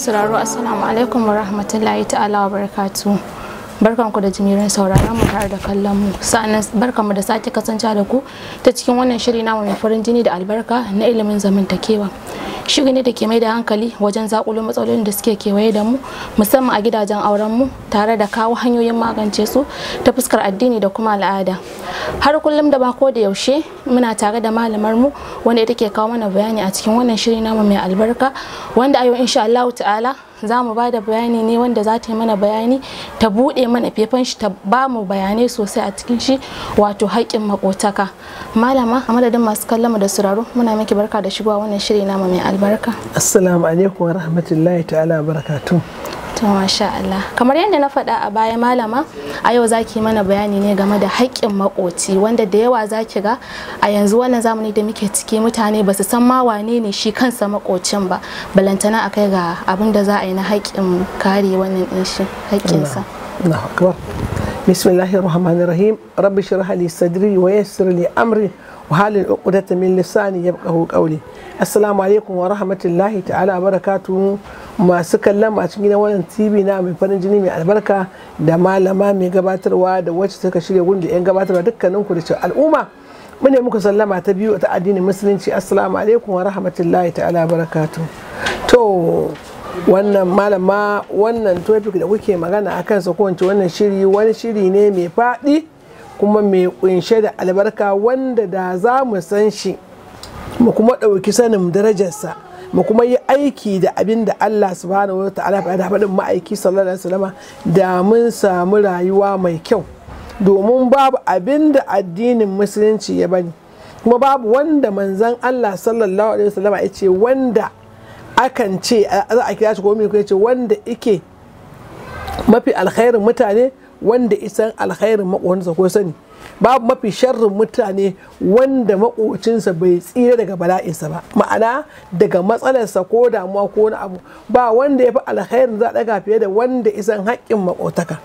sauraro assalamu alaikum wa rahmatullahi ta'ala wa barakatu barkanku da jimirin sauraron mu tare da kallon mu sa'annan barkanmu da sake kasancewa da ku ta cikin wannan shiri namu mai farin jini da albarka na ilimin zamantakewa shiri ne da ke mai da hankali wajen zakulo matsalolin da suke kewaye da mu musamman a gidajen auren mu tare da kawo hanyoyin magance su ta fuskar addini da kuma al'ada har kullum da ba da yaushe muna tare da malamar mu wanda ita ke kawo mana bayani a cikin wannan shiri namu mai albarka wanda a yau insha Allah ta'ala za mu ba da bayani ne wanda za ta yi mana bayani ta buɗe mana fefan shi ta ba mu bayanai sosai a cikin shi wato haƙƙin makotaka malama a madadin masu kallama da suraro muna miki barka da shigowa wannan shiri namu mai albarka assalamu alaikum wa rahmatullahi ta'ala barakatun to masha Allah kamar yadda na faɗa a baya malama a yau zaki mana bayani ne game da haƙƙin makoci wanda da yawa zaki ga a yanzu wannan zamani da muke ciki mutane ba su san ma wane ne shi kansa makocin ba balantana akai ga abin da za a yi na haƙƙin kare wannan ɗin shi haƙƙinsa Allahu akbar Rahim Rabbi shrah li sadri wa yassir li amri وحال العقدة من لساني يبقه قولي السلام عليكم ورحمة الله تعالى وبركاته masu kallon a cikin wannan tv na mai farin jini mai albarka da malama mai gabatarwa da wacce suka shirya gurin da 'yan gabatarwa dukkanin ku da cewa al'umma mu ne muku sallama ta biyu ta addinin musulunci assalamu alaikum wa rahmatullahi ta'ala barakatu to wannan malama wannan topic da kuke magana a kansa ko wannan shiri wani shiri ne mai faɗi kuma mai kunshe da albarka wanda da za mu san shi mu kuma ɗauki sanin darajarsa mu kuma yi aiki da abin da Allah subhanahu wa ta'ala faɗa faɗin ma'aiki sallallahu alaihi wasallama da mun samu rayuwa mai kyau domin babu abin da addinin musulunci ya bani kuma babu wanda manzan Allah sallallahu alaihi wasallama ya ce wanda akan ce za a kira shi ko ya ce wanda ike mafi alkhairin mutane wanda isan alkhairin makocinsa ko sani babu mafi sharrin mutane wanda makocinsa bai tsira daga bala'insa ba ma'ana daga matsalarsa ko damuwa ko wani abu ba wanda ya fi alkhairin za daga fiye da wanda isan haƙƙin makotaka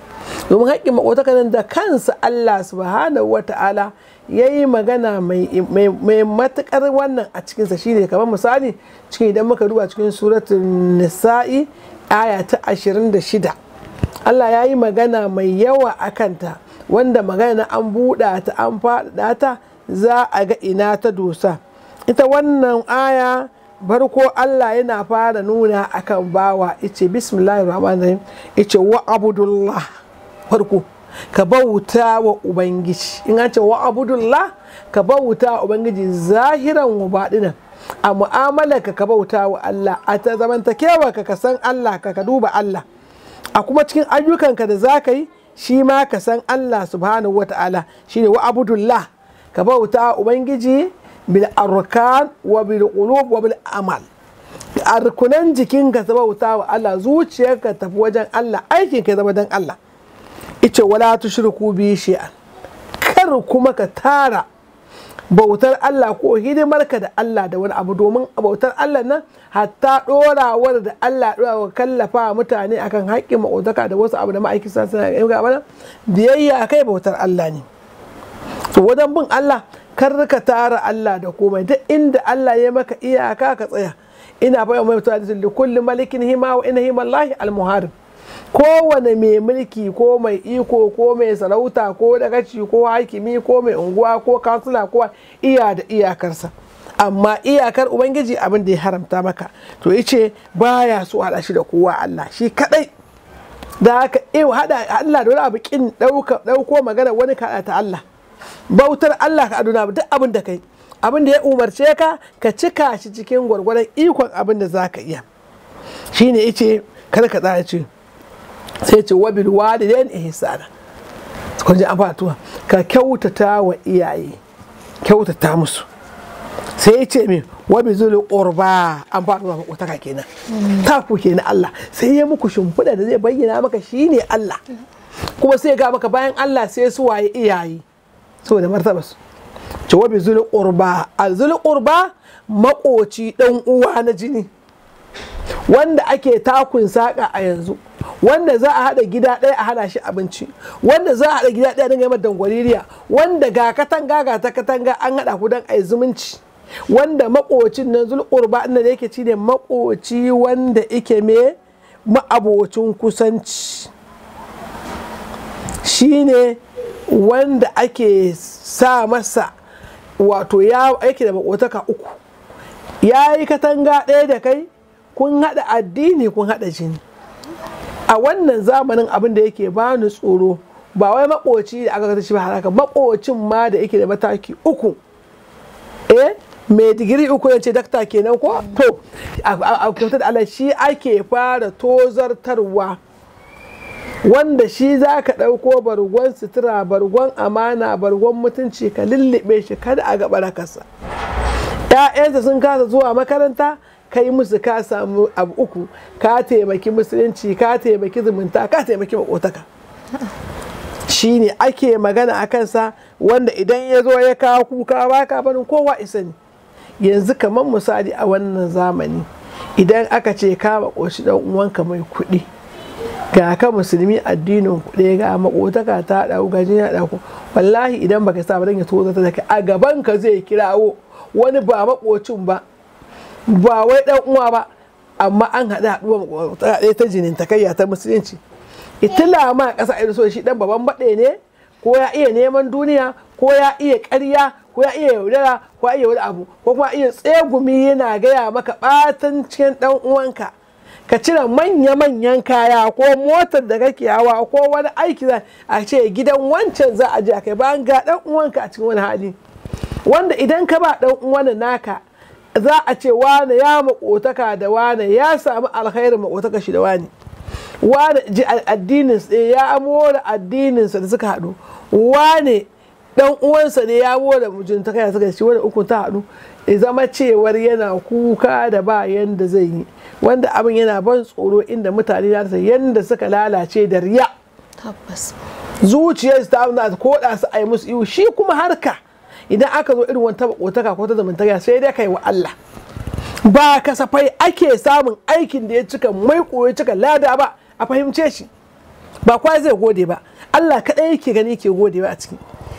domin haƙƙin makotaka nan da kansa Allah su subhanahu wata'ala ya yi magana mai matuƙar wannan a cikinsa shine kamar misali cikin idan muka duba cikin suratun nisa'i aya ta 26 Allah ya yi magana mai yawa a kanta wanda magana an buɗa ta an faɗaɗa ta za a ga ina ta dosa ita wannan aya barko Allah yana fara nuna akan bawa ice bismillahir rahmanir rahim ice wa abudullah farko ka bauta wa ubangiji in an ce wa abudullah ka bauta wa ubangiji zahiran wa baɗina, a mu'amalarka ka bauta wa Allah a ta zamantakewa ka ka san Allah ka ka duba Allah a kuma cikin ayyukanka da za ka yi shi ma ka san Allah subhanahu wata'ala shi ne wa ka bauta ubangiji bil arkan wa bil qulub wa bil amal arkunan jikinka ka bauta wa Allah zuciyarka tafi wajen Allah aikin ka zama dan Allah ice wala tushriku bi shay'an kar kuma ka tara bautar Allah ko hidimarka da Allah da wani abu domin bautar Allah nan hatta dorawar da Allah dorawa kallafa mutane akan haƙƙin maƙotaka da wasu abu da ma'aikisa sa suna ga bana biyayya kai bautar Allah ne to wajen bin Allah kar ka tara Allah da komai duk inda Allah ya maka iyaka ka tsaya ina bayan mai mutane da kullu malikin hima wa ina himallahi al-muharib kowane mai mulki ko mai iko ko mai sarauta ko dagaci ko hakimi ko mai unguwa ko kansula ko iya da iyakarsa amma iyakar ubangiji abin da ya haramta maka to yace baya so hada shi da kowa Allah shi kadai da haka eh hada Allah da wani abu kin dauko magana wani kada ta Allah bautar Allah ka aduna duk abin da kai abin da ya umarce ka ka cika shi cikin gwargwaran ikon abin da zaka iya shine yace kada ka tsaya cewa. sai ce wabil walidain ihsana kun ji abatuwa ka kyautata wa iyaye kyautata musu sai ce min wabi zulu qurba an ko ta makotaka kenan ta ku na Allah sai ya muku shimfiɗa da zai bayyana maka shine Allah kuma sai ga maka bayan Allah sai su waye iyaye saboda martaba su ce wabi zulu qurba al zulu qurba makoci dan uwa na jini wanda ake takun saka a yanzu wanda za a haɗa gida ɗaya a hana shi abinci wanda za a haɗa gida ɗaya don gaimar dangwaliriya wanda ga katanga ga ta katanga an haɗa ku don a zumunci wanda makocin nan zulƙurba inda da yake ci ne makoci wanda ike me ma'abocin kusanci shine wanda ake sa masa wato ya yake da makotaka uku ya yi katanga ɗaya da kai kun haɗa addini kun haɗa jini a wannan zamanin abin da yake bani tsoro ba wai makoci da aka shi ba haraka makocin ma da yake da mataki uku eh mai digiri uku yace dakta kenan ko to a kyautar da Allah shi ake fara tozartarwa wanda shi za ka ɗauko bargon sutura bargon amana bargon mutunci ka lullube shi kada a ga barakarsa ‘ya'yansa sun kasa zuwa makaranta kai musu ka samu abu uku ka taimaki musulunci ka taimaki zumunta ka taimaki makotaka shi ne ake magana a kansa wanda idan ya zo ya kawo kuka ba ka barin kowa isa ne yanzu kamar misali a wannan zamani idan aka ce ka makoshi dan uwanka mai kuɗi ga ka musulmi addinin kuɗi ga makotaka ta ɗau gajin ya ɗauko wallahi idan baka sa ba dan ya ta zata a gaban ka zai kirawo wani ba makocin ba ba wai dan uwa ba amma an haɗu haɗuwa makwabta da ta jinin takayya ta musulunci itila eh. ma ƙasa irin so shi dan baban baɗe ne ko ya iya neman duniya ko ya iya ƙarya ko ya iya yaudara ko ya iya wani abu ko kuma iya tsegumi yana gaya maka cikin dan uwanka ka cire manya-manyan kaya ko motar da kake hawa ko wani aiki a ce gidan wancan za a je a kai bayan ga dan uwanka a cikin wani hali wanda idan ka ba dan uwan naka za a ce wane ya makotaka da wane ya samu alkhairin makotaka shi da wane wane ji addinin eh, ya amora addininsa da suka hadu wane dan uwansa ne ya amora mujuntaka ya suka shi wanda uku ta hadu zama cewar yana kuka da ba yanda zai yi wanda abin yana ban tsoro inda mutane na ta yanda suka lalace da riya tabbas zuciyarsu ta da su a yi musu iwu shi kuma harka idan aka zo irin wata bakotaka ko ta zamantaka sai dai kai wa Allah ba kasafai ake samun aikin da ya cika mai koyo cika lada ba a fahimce shi ba kwa zai gode ba Allah kaɗai yake gani ke gode ba a ciki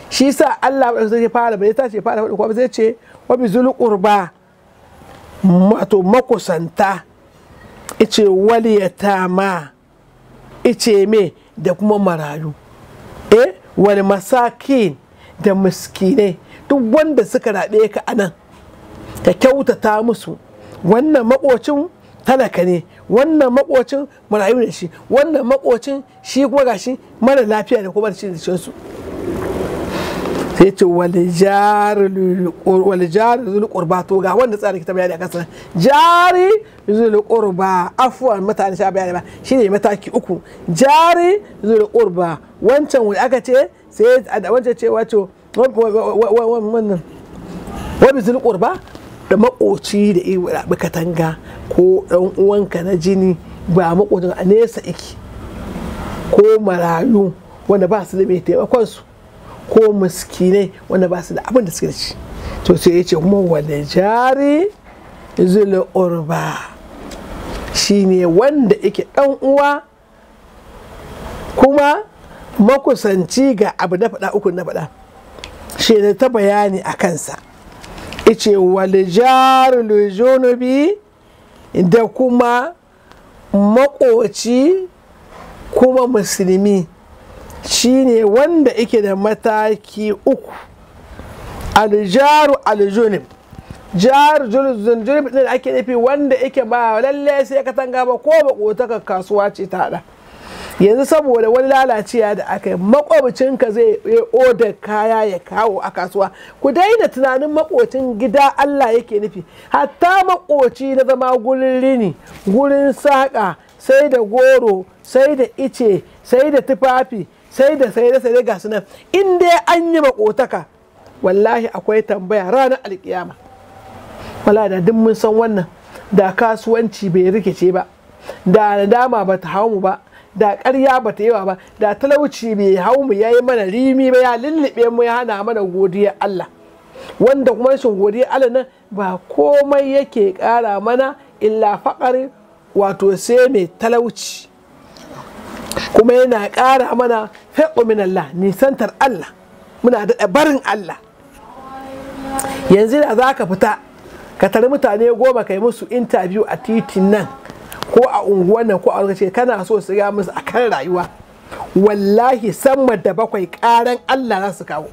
shi yasa Allah ba zai fara ba. zai tace fara ba. kuma zai ce wa bi zul qurba wato makusanta ice waliyatama ice me da kuma marayu eh wal masakin da miskinai duk wanda suka raɓe ka a nan ka kyautata musu wannan maƙocin talaka ne wannan maƙocin marayu ne shi wannan maƙocin shi kuma gashi mara lafiya ne kuma da shi su sai ce wal jari zul qurba to ga wanda tsari kita bayani a kasar jari zul qurba afwan mutane sha bayani ba shine mataki uku jari zul qurba wancan wani aka ce sai a da wancan ce wato wannan wani da makoci da ibi katanga ko ɗan uwanka na jini ba makocin a nesa iki ko marayu wanda ba su da mai taimakon su ko miskinai wanda ba su da abin da suke ci. to sai ya ce kuma wani jari zulu urba shine wanda yake ɗan uwa kuma makusanci ga abu na faɗa uku na faɗa shi da ta bayani a kansa ice walijar junubi da kuma makoci kuma musulmi shine wanda ike da mataki uku aljaru aljunub jar junub da ake nufi wanda ike ba lalle sai ka tanga ba ko ba kotaka kasuwa ce ta da. yanzu saboda wani lalaciya da aka yi makwabcinka zai odar kaya ya kawo a kasuwa ku daina tunanin makocin gida Allah yake nufi hatta makoci na zama gurin rini gurin saƙa sai da goro sai da ice sai da tufafi sai da sai da sai da gasu nan in dai an yi makotaka wallahi akwai tambaya ranar alkiyama wala da duk mun san wannan da kasuwanci bai rikice ba da nadama ba ta hau mu ba da ƙarya ba ta yawa ba da talauci bai hau mu ya yi mana rimi ba ya lullube mu ya hana mana godiyar Allah wanda kuma rashin godiyar Allah nan ba komai yake ƙara mana illa faƙari wato sai mai talauci kuma yana ƙara mana faƙo min Allah nisantar Allah muna da barin Allah yanzu da za ka fita ka tari mutane goma kai musu interview a titin nan unguwan nan ko a ce kana so su ya musu akan rayuwa wallahi sama da bakwai karan Allah za su kawo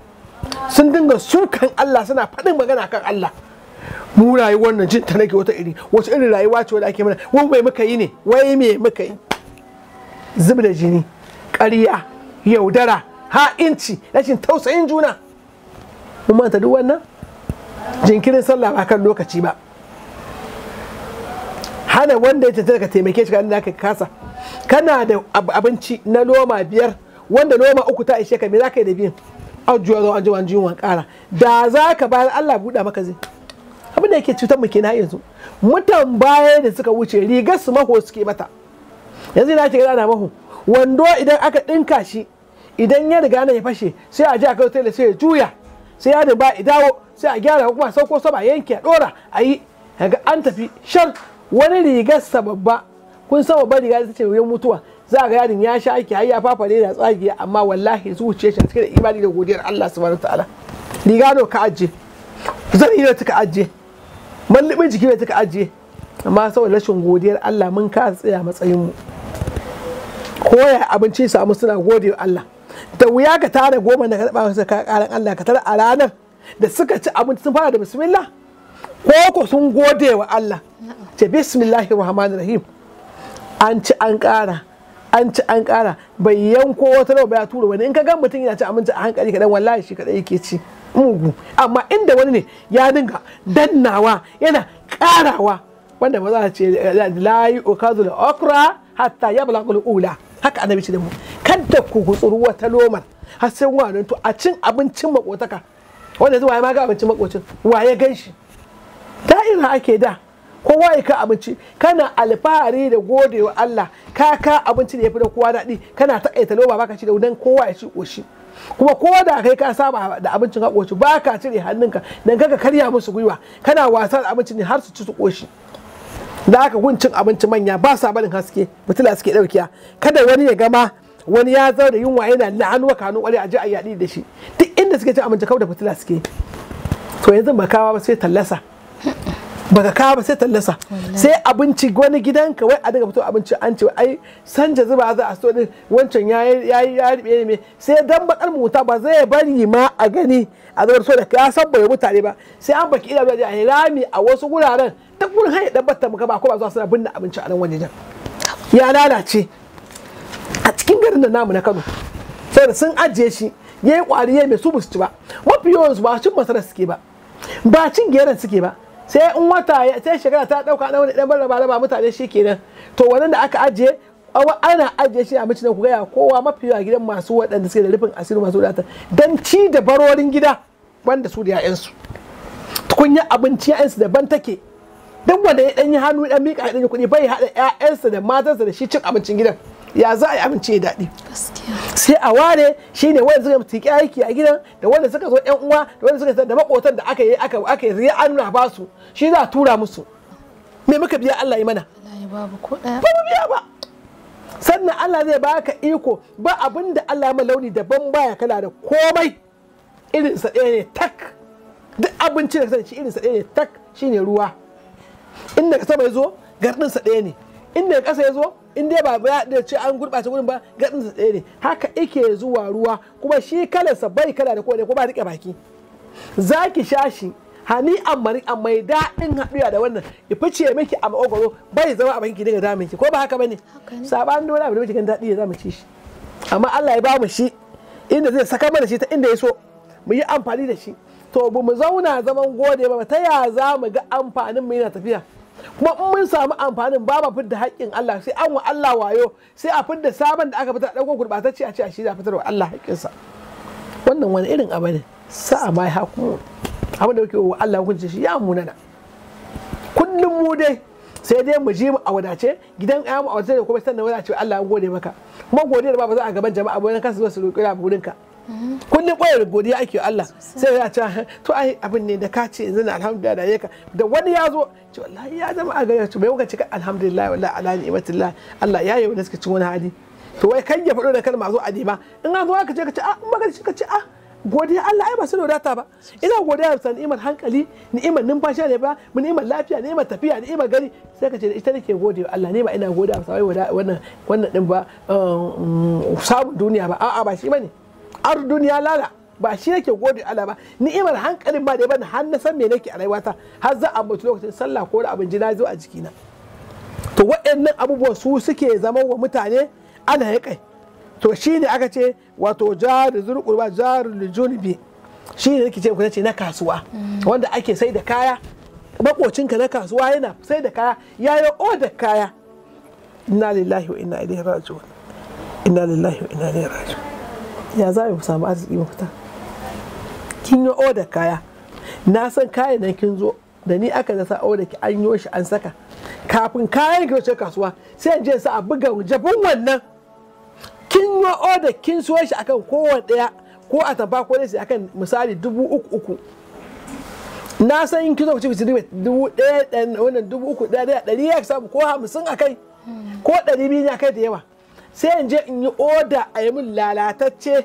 sun dinga sukan Allah suna faɗin magana kan Allah mu rayuwar nan jin ta nake wata iri wace irin rayuwa ce wanda ake mana wai mai muka yi ne wai me muka yi zub da jini ƙarya yaudara ha'inci rashin tausayin juna mun manta duk wannan jinkirin sallah ba kan lokaci ba hana wanda ya ka taimake shi ganin da ka kasa kana da abinci na noma biyar wanda noma uku ta ishe ka me zaka yi da biyan ajuwa zo ajuwa ajuwa kara da za ka bayar Allah buɗa maka zai abin da yake cutar mu kenan yanzu mutan baya da suka wuce rigar su maho suke mata yanzu ina ce ana maho wando idan aka ɗinka shi idan ya riga na ya fashe sai a je a kai sai ya juya sai ya ba dawo sai a gyara kuma sauko saba yanke a ɗora a yi an tafi shar wani rigarsa babba kun san babban riga ta ce wurin mutuwa za ga yarin ya sha aiki har ya fafare da tsagiya amma wallahi zuciya shi cikin da imani da godiyar Allah subhanahu ta'ala riga do ka ajje zan iya ta ka ajje mallibin jiki ne ta ka ajje amma saboda rashin godiyar Allah mun ka tsaya matsayin mu koya abinci samu suna gode Allah da wuya ka tara goma na karɓa wasu ka karan Allah ka tare a ranar da suka ci abinci sun fara da bismillah ko sun gode wa Allah ce bismillahir rahmanir rahim an ci an ƙara an ci an ƙara bai yanko wata rawa ba ya tura wani in ka ga mutum yana ci aminci a hankali kaɗan wallahi shi kaɗai yake ci mugu amma inda wani ne ya dinga dannawa yana ƙarawa wanda ba za a ce layi okazu da okra hatta ya bala ula haka annabi ce da mu kada ku gutsuru wata lomar har sai wani to a cin abincin makotaka wanda zuwa ya ma ga abincin wa waye gan shi Ta ira ake da kowa ya ka abinci kana alfahari da godewa Allah ka ka abinci da ya fi da kowa daɗi kana taƙaita loba baka ci da wudan kowa ya ci ƙoshi kuma ko da kai ka saba da abincin ka ƙoshi ba ka cire hannunka dan kaga karya musu gwiwa kana wasa da abincin har su ci su ƙoshi da aka guncin abinci manya ba sa barin haske mutula suke ɗaukiya kada wani ya gama wani ya zo da yunwa yana la'anuwa kanu kwari a ji a yaɗi da shi duk inda suke cin abinci kawai da fitila suke to yanzu ba kawa ba sai tallasa baka kawo sai tallasa sai abinci wani gidanka wai a daga fito abinci an ce ai san zuba za a so din wancan yayi yayi ya ribe ne sai dan bakar mu muta ba zai bari ma a gani a zama so da ka san bai mutane ba sai an baki ila da hirami a wasu guraren ta gurin hanyar dan batta muka ba ko ba zuwa suna binne abinci a nan wani jan. ya lalace a cikin garin da namu na Kano sai sun ajiye shi yayi kwari yayi mai su ba ci ba mafi yawan su ba cin masara suke ba ba cin geran suke ba sai in wata sai shekara ta dauka dan wani dan raba raba mutane shikenan to wannan da aka ajiye ana ajiye shi a micin ku gaya kowa mafi yawa gidan masu waɗanda suke da rufin asiri masu wadata dan ci da barorin gida wanda su da ƴaƴansu tukunya abinci su daban take duk wanda ya dan yi hannu dan mika dan kuɗi bai haɗa 'ya'yansa da matarsa da shi cin abincin gidan ya za a yi amince ya daɗi sai a ware shi ne wanda suka tiki aiki a gidan da wanda suka zo ƴan uwa da wanda suka da makotan da aka yi aka aka yi an nuna ba su shi za a tura musu me muka biya Allah yi mana babu mu biya ba sannan Allah zai baka iko ba abin da Allah ya launi daban baya kana da komai irin sa ɗaya ne tak duk abincin da kasance irin sa ɗaya ne tak shine ruwa inda ka sama ya zo gardin sa ɗaya ne inda ƙasa ya zo in dai ba ya da ce an gurɓace gurin ba gadin sa tsere. haka ike zuwa ruwa kuma shi kalarsa bai kala da kowane kuma rike baki zaki sha shi hani amari a mai daɗin haɗuwa da wannan ya fice miki a maƙogwaro bai zama a banki daga damin ki ko ba haka bane saban dole abu da muke kan daɗi ya zamu ci shi amma Allah ya ba mu shi inda zai saka mana shi ta inda ya so mu yi amfani da shi to mu zauna zaman gode ba ta ya za mu ga amfanin mu yana tafiya kuma in mun samu amfanin ba ma fidda haƙƙin Allah sai an wa Allah wayo sai a fidda sabon da aka fitar ɗauko gurɓatacce a ce a shi za fitar wa Allah haƙƙinsa wannan wani irin abu ne a mai hakumu abin da kuke wa Allah hukunci shi ya munana kullum mu dai sai dai mu ji mu a wadace gidan ƴa mu a wadace da kuma sannan wadace Allah ya gode maka kuma godiyar ba ba za a gaban jama'a ba wani kasu zuwa su roƙi abu ka kullum kwayar godiya ake Allah sai ya ce to ai abin ne da ka ce yanzu na alhamdulillah da yaka da wani ya zo ce wallahi ya zama a gare to bai kuka cika alhamdulillah wallahi ala ni'matillah Allah ya yi wani suka ci wani hali to wai kan ya faɗo da kalma zo a ba in an zo ah, ka ce ka ce a ah, in magana ka ce a godiya Allah ai ba su wadata ba ina godiya bisa ni'imar hankali ni'imar numfashi ne ba mu ni'imar lafiya ni'imar tafiya ni'imar gari sai ka ce ita nake godiya Allah ne ba ina godiya sai wai wannan wannan din ba um, samun duniya ba a'a ba shi bane ardun ya lala ba shi nake gode Allah ba ni'imar hankalin ba da ban har na san me nake a rayuwata har za a mutu lokacin sallah ko da abin jina zo a jikina to waɗannan abubuwa su suke zama wa mutane ana ya kai to shine aka ce wato jaru zurqur ba jaru junbi shine nake ce ku ce na kasuwa mm. wanda ake sai da kaya makocinka na kasuwa yana sai da kaya ya yi oda kaya inna lillahi wa inna ilaihi raji'un inna lillahi wa inna ilaihi raji'un ya za mu samu arziki fita? kin yi odar kaya na san kayan nan kin zo da ni aka nasa odar ki an yi shi an saka kafin kayan ki wuce kasuwa sai je sa a buga jabin wannan kin yi odar kin so shi akan kowanne daya ko a tamba ko dai akan misali dubu uku uku na san in kizo ku ci dubu ɗaya wannan dubu uku da dari ya samu ko hamsin a kai ko dari biyu ne a kai da yawa sai in je in yi oda a yi min lalatacce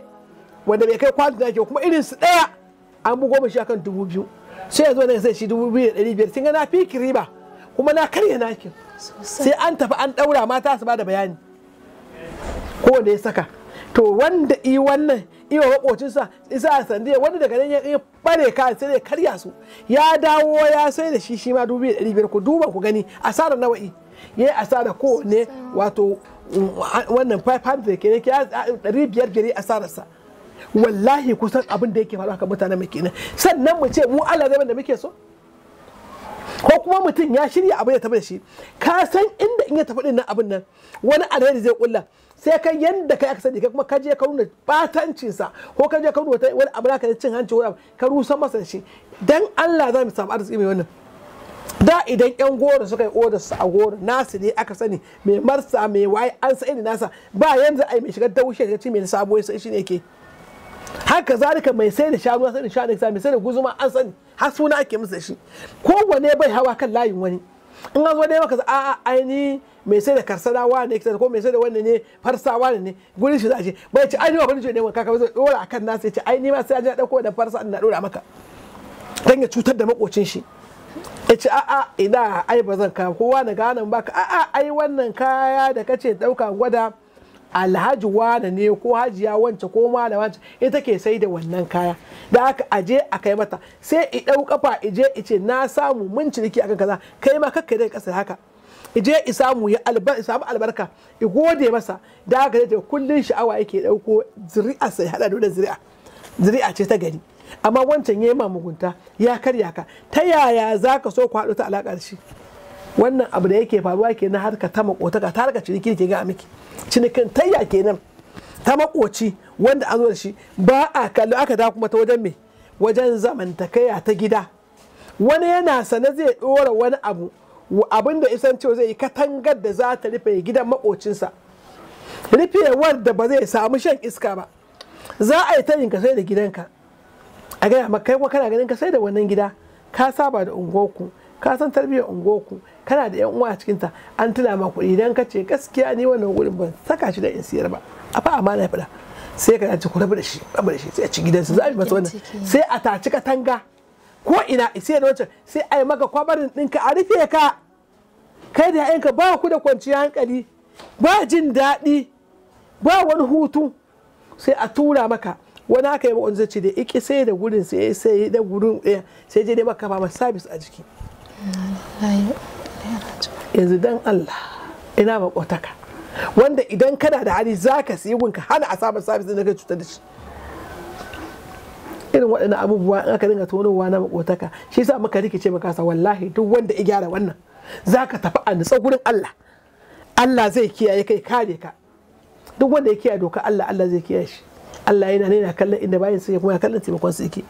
wanda bai kai kwanta da ke kuma irin su daya an bugo goma shi akan dubu biyu sai yanzu wani sai shi dubu biyu da ɗari biyar sun ga na fi riba kuma na karya nakin sai an tafi an ɗaura mata su ba da bayani ko wanda ya saka to wanda i wannan iwa makocinsa isa a sandiya wanda daga nan ya bare ka sai ya karya su ya dawo ya sai da shi shi ma dubu biyar ku duba ku gani asarar nawa'i ya yi asara kowane wato mm, wannan 500 kenan ke 500 gari asararsa wallahi kusan abin da yake faru haka mutane mai kenan sannan mu ce mu Allah zai da muke so ko kuma mutum ya shirya abin da da shi ka san inda in ya tafi din nan abin nan wani alheri zai kulla sai kai yanda kai aka sani kai kuma ka je ka nuna batancin sa ko ka je ka nuna wani abu da ka cin hanci ko ka rusa masa shi dan Allah za mu samu arziki mai wannan da idan yan goro suka yi odar su a goro nasu ne aka sani mai marsa mai waye an sa irin nasa ba yanzu ai mai shigar daushe ya ce mai sabo ya shi ne ke haka zalika mai sai da shanu sai sani shanu mai sai da guzuma an sani har suna ake musu shi kowane bai hawa kan layin wani in an zo dai maka a a aini mai sai da wa ne ko mai sai da wannan ne farsawa ne ne gurin shi za ce bai ci ai ni ba bani ce ne wanka ka zai dora akan nasa ya ce ai ni ma sai a ji na dauko da farsa na dora maka dan ya cutar da makocin shi ya ce a'a ina ai ba zan kawo kowa na ganin baka a'a ai wannan kaya da kace ɗauka gwada alhaji wane ne ko hajiya wance ko mala wance ita ke sai da wannan kaya da aka aje a kai mata sai i dau kafa ije ice na samu mun ciniki akan kaza kai ma kakka dai kasar haka ije i samu ya samu albarka i gode masa da aka je kullun sha'awa yake dauko zuri'a sai hada da zuri'a zuri'a ce ta gari amma wancan ya yi mugunta ya karya ka ta yaya za ka so ku haɗu ta alaƙa shi wannan abu da yake faruwa ke na harka ta makotaka ta harka ciniki ke ga miki cinikin tayya kenan ta makoci wanda an zuwa shi ba a kallo aka da kuma ta wajen me wajen zamantakaya ta gida wani yana sane zai ɗora wani abu abin da isan cewa zai yi katangar da za ta rufe gidan makocinsa rufewar da ba zai samu shan iska ba za a yi ta yin sai da gidanka a gaya maka kai kana ganin ka sai da wannan gida ka saba da unguwarku ka san tarbiyyar unguwarku kana da yan uwa a cikinta an tuna ma kuɗi idan ka ce gaskiya ne wannan wurin ban saka shi da in siyar ba a fa amana ya sai ka ci ku da shi rabu da shi sai a ci gidansu za a yi masa wannan sai a taci katanga ko ina sai da wancan sai a yi maka kwabarin ɗinka a rufe ka kai da ka ba ku da kwanciyar hankali ba jin daɗi ba wani hutu sai a tura maka wani haka yi makon ce da iki sai da gurin eh, sai sai da gurin ɗaya sai je dai maka ba sabis a jiki yanzu dan Allah ina makwataka wanda idan kana da hali za ka sai gunka hana a samun sabis ɗin da ka cutar da shi irin waɗannan abubuwa in aka dinga tonowa na makotaka shi sa muka rikice muka sa wallahi duk wanda ya gyara wannan zaka tafi a nutsa gurin Allah Allah zai kiyaye kai kare ka duk wanda ya kiyaye doka Allah Allah zai kiyaye shi Allah yana nuna kallon inda bayan su kuma kallon taimakon su yake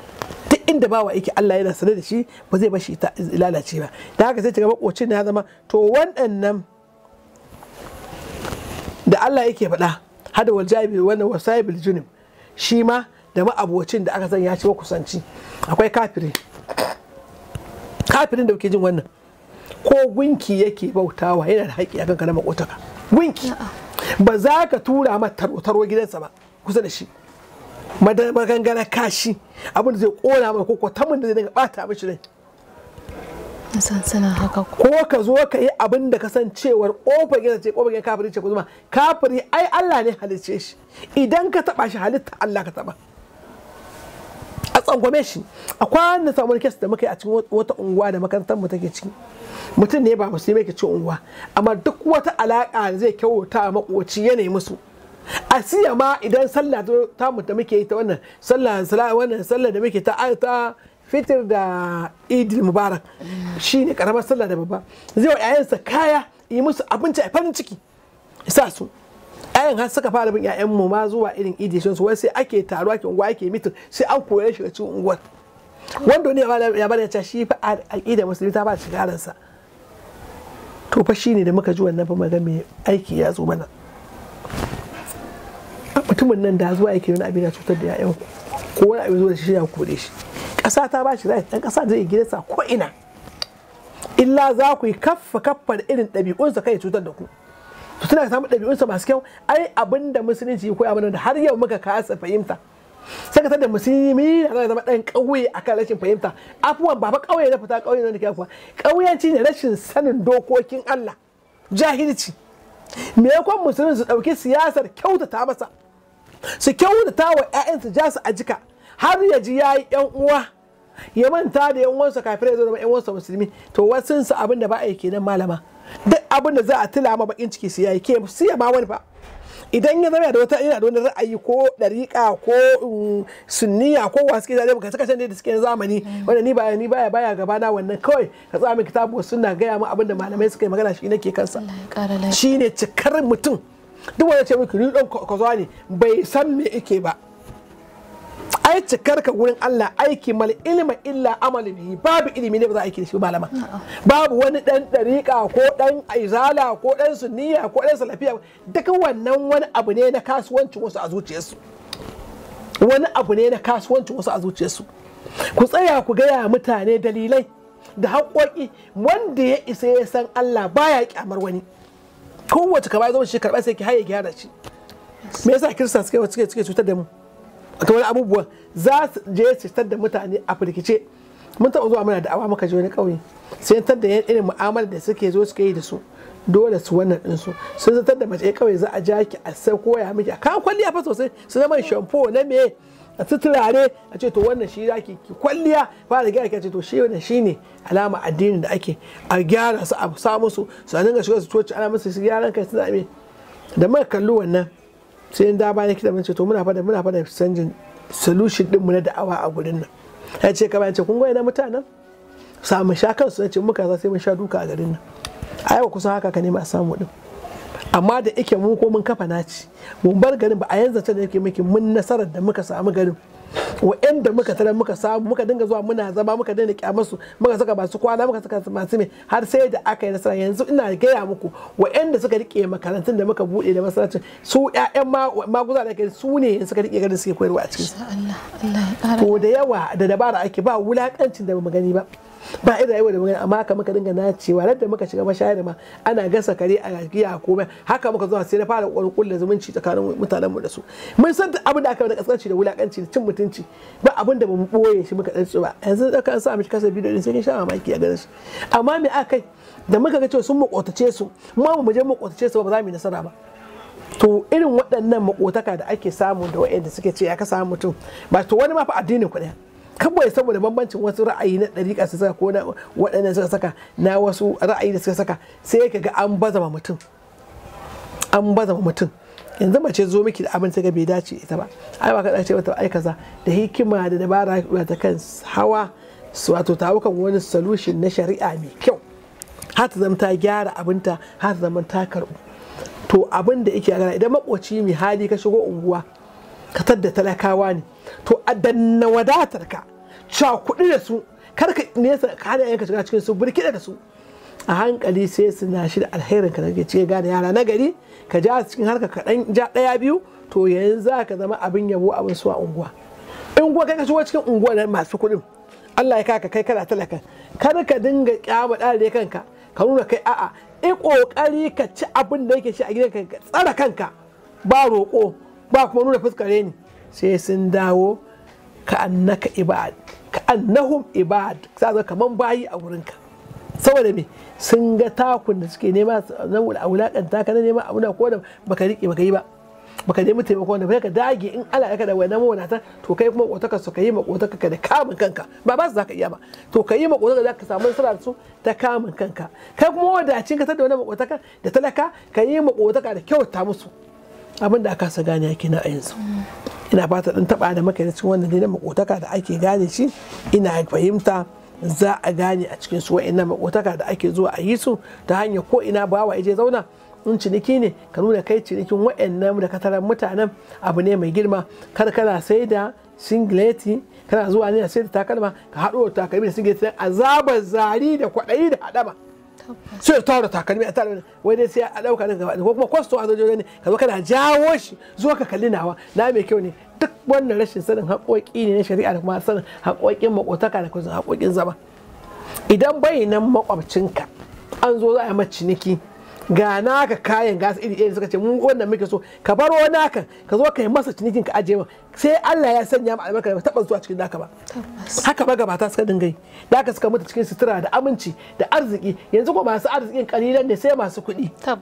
duk inda bawa yake Allah yana sanar da shi ba zai bashi ta lalace ba da haka sai ta gaba ya zama to waɗannan da Allah yake faɗa hada wal jabi wannan wasabil junub shi ma da ma'abocin da aka san ya ci wa kusanci akwai kafiri kafirin da kuke jin wannan ko gunki yake bautawa yana da haƙƙi akan kana makotaka gunki ba za ka tura mata taro gidansa ba kusa da shi magangana kashi abin da zai kona mai ko ta da zai daga bata mishi rai ko ka zo ka yi abin da kasancewar kofar gina ce kofar gina kafiri ce kuma zuma kafiri ai Allah ne halice shi idan ka taba shi halitta Allah ka taba a tsangwame shi a kwanan samun kes da muka yi a cikin wata unguwa da makarantar mu take ciki mutum ne ba musulmi ke ce unguwa amma duk wata alaka da zai kyauta makoci ya nemi musu A siya ma idan sallah ta mutu muke ita wannan sallah wannan sallah da muke ta ta fitir da idil mubarak shine karamar sallah da babba zai wa yayansa kaya yi musu abinci a farin ciki sa su ayan har suka fara bin 'ya'yan mu ma zuwa irin shin su wai sai ake taruwa ke unguwa ake mitin sai an koyar shi cikin unguwar wanda ne ya bada ya shi fa al'ida musulmi ta ba shi garansa to fa shine da muka ji wannan fa maga mai aiki ya zo mana mutumin nan da zuwa yake wani abin da cutar da ya'yan ko wani abin zuwa da shi ya kore shi ƙasa ta ba shi zai dan ƙasa zai sa ko ina illa za ku yi kaffa kaffa da irin sa kai cutar da ku to tana ɗabi'un sa masu kyau ai abin da musulunci ya koya mana da har yau muka kasa fahimta saka da musulmi na zai zama ɗan ƙauye akan rashin fahimta afuwan baba ƙauye na fita ƙauye na da kyakuwa ƙauyanci ne rashin sanin dokokin Allah jahilci me yakon musulmi su ɗauki siyasar kyautata masa su kyau tawa wa yayansa ja su a jika har ya ji ya yi 'yan uwa ya manta da yan uwansa kafin ya zo da yan uwansa musulmi to wasun su abin da ba a yi kenan malama duk abin da za a tila ma bakin ciki su yayi ke su ya ba wani fa idan ya zama da wata yana da wani ra'ayi ko dariƙa ko mm, sunniya ko wasu ke zaɓe ka saka ne da suke zamani wanda ni baya ni baya baya gaba na wannan kawai ka tsami kitabu sunna gaya mu abin da malamai suka yi magana shi ke kansa ne cikar mutum duk wanda ce miki ni dan ne bai san me yake ba ai cikar ka gurin Allah aiki mal ilma illa amalin babu ilimi ne ba za aiki da shi malama babu wani dan dariƙa ko dan izala ko dan sunniya ko dan salafiya Duk wannan wani abu ne na kasuwancin wasu a zuciyarsu wani abu ne na kasuwancin wasu a zuciyarsu ku tsaya ku gaya mutane dalilai da haƙoƙi wanda ya isa ya san Allah baya kyamar wani kowace kaba ya zo shi karɓar sai ki haye ki hana shi me yasa kirista suke suke suke cutar da mu kamar abubuwan za su je su cutar da mutane a firkice mun taɓa zuwa mana da'awa muka je wani ƙauye sai tar da irin mu'amala da suke zo suke yi da su dole su wannan din su sun zartar da mace ƙauye za a ja ki a sai koya miki a kan kwalliya fa sosai su zama shampo na me A turare a ce to wannan shi zaki ki kwalliya ba da gyara ce to shi wannan shine alama addinin da ake a gyara su a samu su su a dinga shiga su toci ana musu su gyaran kai su suna me da muka kallo wannan sai da ba ne mun ce to muna fada muna fada sanjin solution din mu na da'awa a gurin nan ya ce kamar ya ce kun ga na mutanen samu sha kansu ya ce muka sai mun sha duka a garin nan a yau kusan haka ka nema a samu din amma da yake mun ko mun kafa naci mun bar garin ba a yanzu ta da yake miki mun nasarar da muka samu garin wa'anda muka tarar muka samu muka dinga zuwa muna zama muka dinga kyamar su muka saka masu kwana muka saka masu mai har sai da aka yi nasara yanzu ina gaya muku wa'anda suka rike makarantun da muka bude da masallacin su ƴaƴan maguza da gari su ne suka rike garin suke koyarwa a cikin to da yawa da dabara ake ba wulakancin da ba mu gani ba ba irin rayuwa da magana amma haka muka dinga na cewa ladda muka shiga mashayar ma ana gasa kare a giya komai haka muka zuwa sai na fara kokarin zumunci tsakanin mutanen mu da su mun san abin da aka da kaskanci da wulakanci da cin mutunci ba abin da bamu boye shi muka dantsu ba yanzu da ka sa mishi kasa bidiyo din sai kin sha mamaki a garin shi amma me aka kai da muka ga cewa sun makotace su mu mu je makotace su ba za mu yi nasara ba to irin waɗannan makotaka da ake samu da waɗanda suke ce ya ka samu mutum ba to wani ma fa addinin ku ne. kawai saboda bambancin wasu ra'ayi na ɗariƙa su saka ko na waɗannan suka saka na wasu ra'ayi da suka saka sai ka ga an baza mutum an baza mutum yanzu mace zo miki da abin ga bai dace ita ba ai ba ka dace mata ai kaza da hikima da dabara da ta kan hawa su wato ta hukan wani solution na shari'a mai kyau har ta zama ta gyara abinta har ta zama ta karɓu to abin da yake gana idan makoci mai hali ka shigo unguwa ka tadda talakawa ne to a danna wadatar ka kuɗi da su kar ka nesa ka hana yanka shiga cikin su burkida da su a hankali sai su na shi da alherin ka daga cike gane yara na gari ka ja cikin harka ka dan ja daya biyu to yanzu za ka zama abin yabo abin suwa unguwa unguwa kai ka shigo cikin unguwa na masu kuɗin Allah ya kaka kai kana talaka kar ka dinga kyama da kanka ka nuna kai a'a in kokari ka ci abin da yake shi a gidan ka tsara kanka ba roƙo ba kuma nuna fuskare ni sai sun dawo ka annaka ibad ka annahum ibad zaga kaman bayi a ka saboda me sun ga takun da suke nema a wulakanta ka na nema abu da koda baka riƙe baka yi ba baka nemi taimako wanda baka ka dage in Allah ya kada wannan ta to kai kuma kotaka su ka yi makotaka ka da kamun kanka ba ba za ka iya ba to kai yi makotaka za ka samu nasara su ta kamun kanka kai kuma wadacin ka ta da wani makotaka da talaka ka yi makotaka da kyauta musu abin da aka sa gane yake na a yanzu ina fata din taɓa da maka da cikin wannan dai makotaka da ake gane shi ina fahimta za a gane a cikin su wa'annan makotaka da ake zuwa a yi su ta hanyar ko ina bawa ije zauna in ciniki ne ka nuna kai cinikin wa'annan da kataran mutanen abu ne mai girma kar kana sai da singleti kana zuwa ne a sai da takalma ka haɗo takalmi da singleti azabar zari da kwaɗayi da haɗama sai ya tara takalmi a tara wai dai sai a dauka nan gaba ko kuma kwasto a zojo ne ka zo kana jawo shi zuwa ka kalli nawa na mai kyau ne duk wannan rashin sanin haƙoƙi ne na shari'a da kuma sanin haƙoƙin makotaka da kuma haƙoƙin zama idan bai nan makwabcinka an zo za a yi maciniki ga naka kayan gas iri iri suka ce mun wannan muke so ka baro wani naka ka zo ka yi masa cinikin ka aje sai Allah ya sanya mu albarka ba taba zuwa cikin naka ba haka ba gaba ta suka dinga yi da suka mutu cikin sutura da aminci da arziki yanzu ko masu arzikin kalilan ne sai masu kuɗi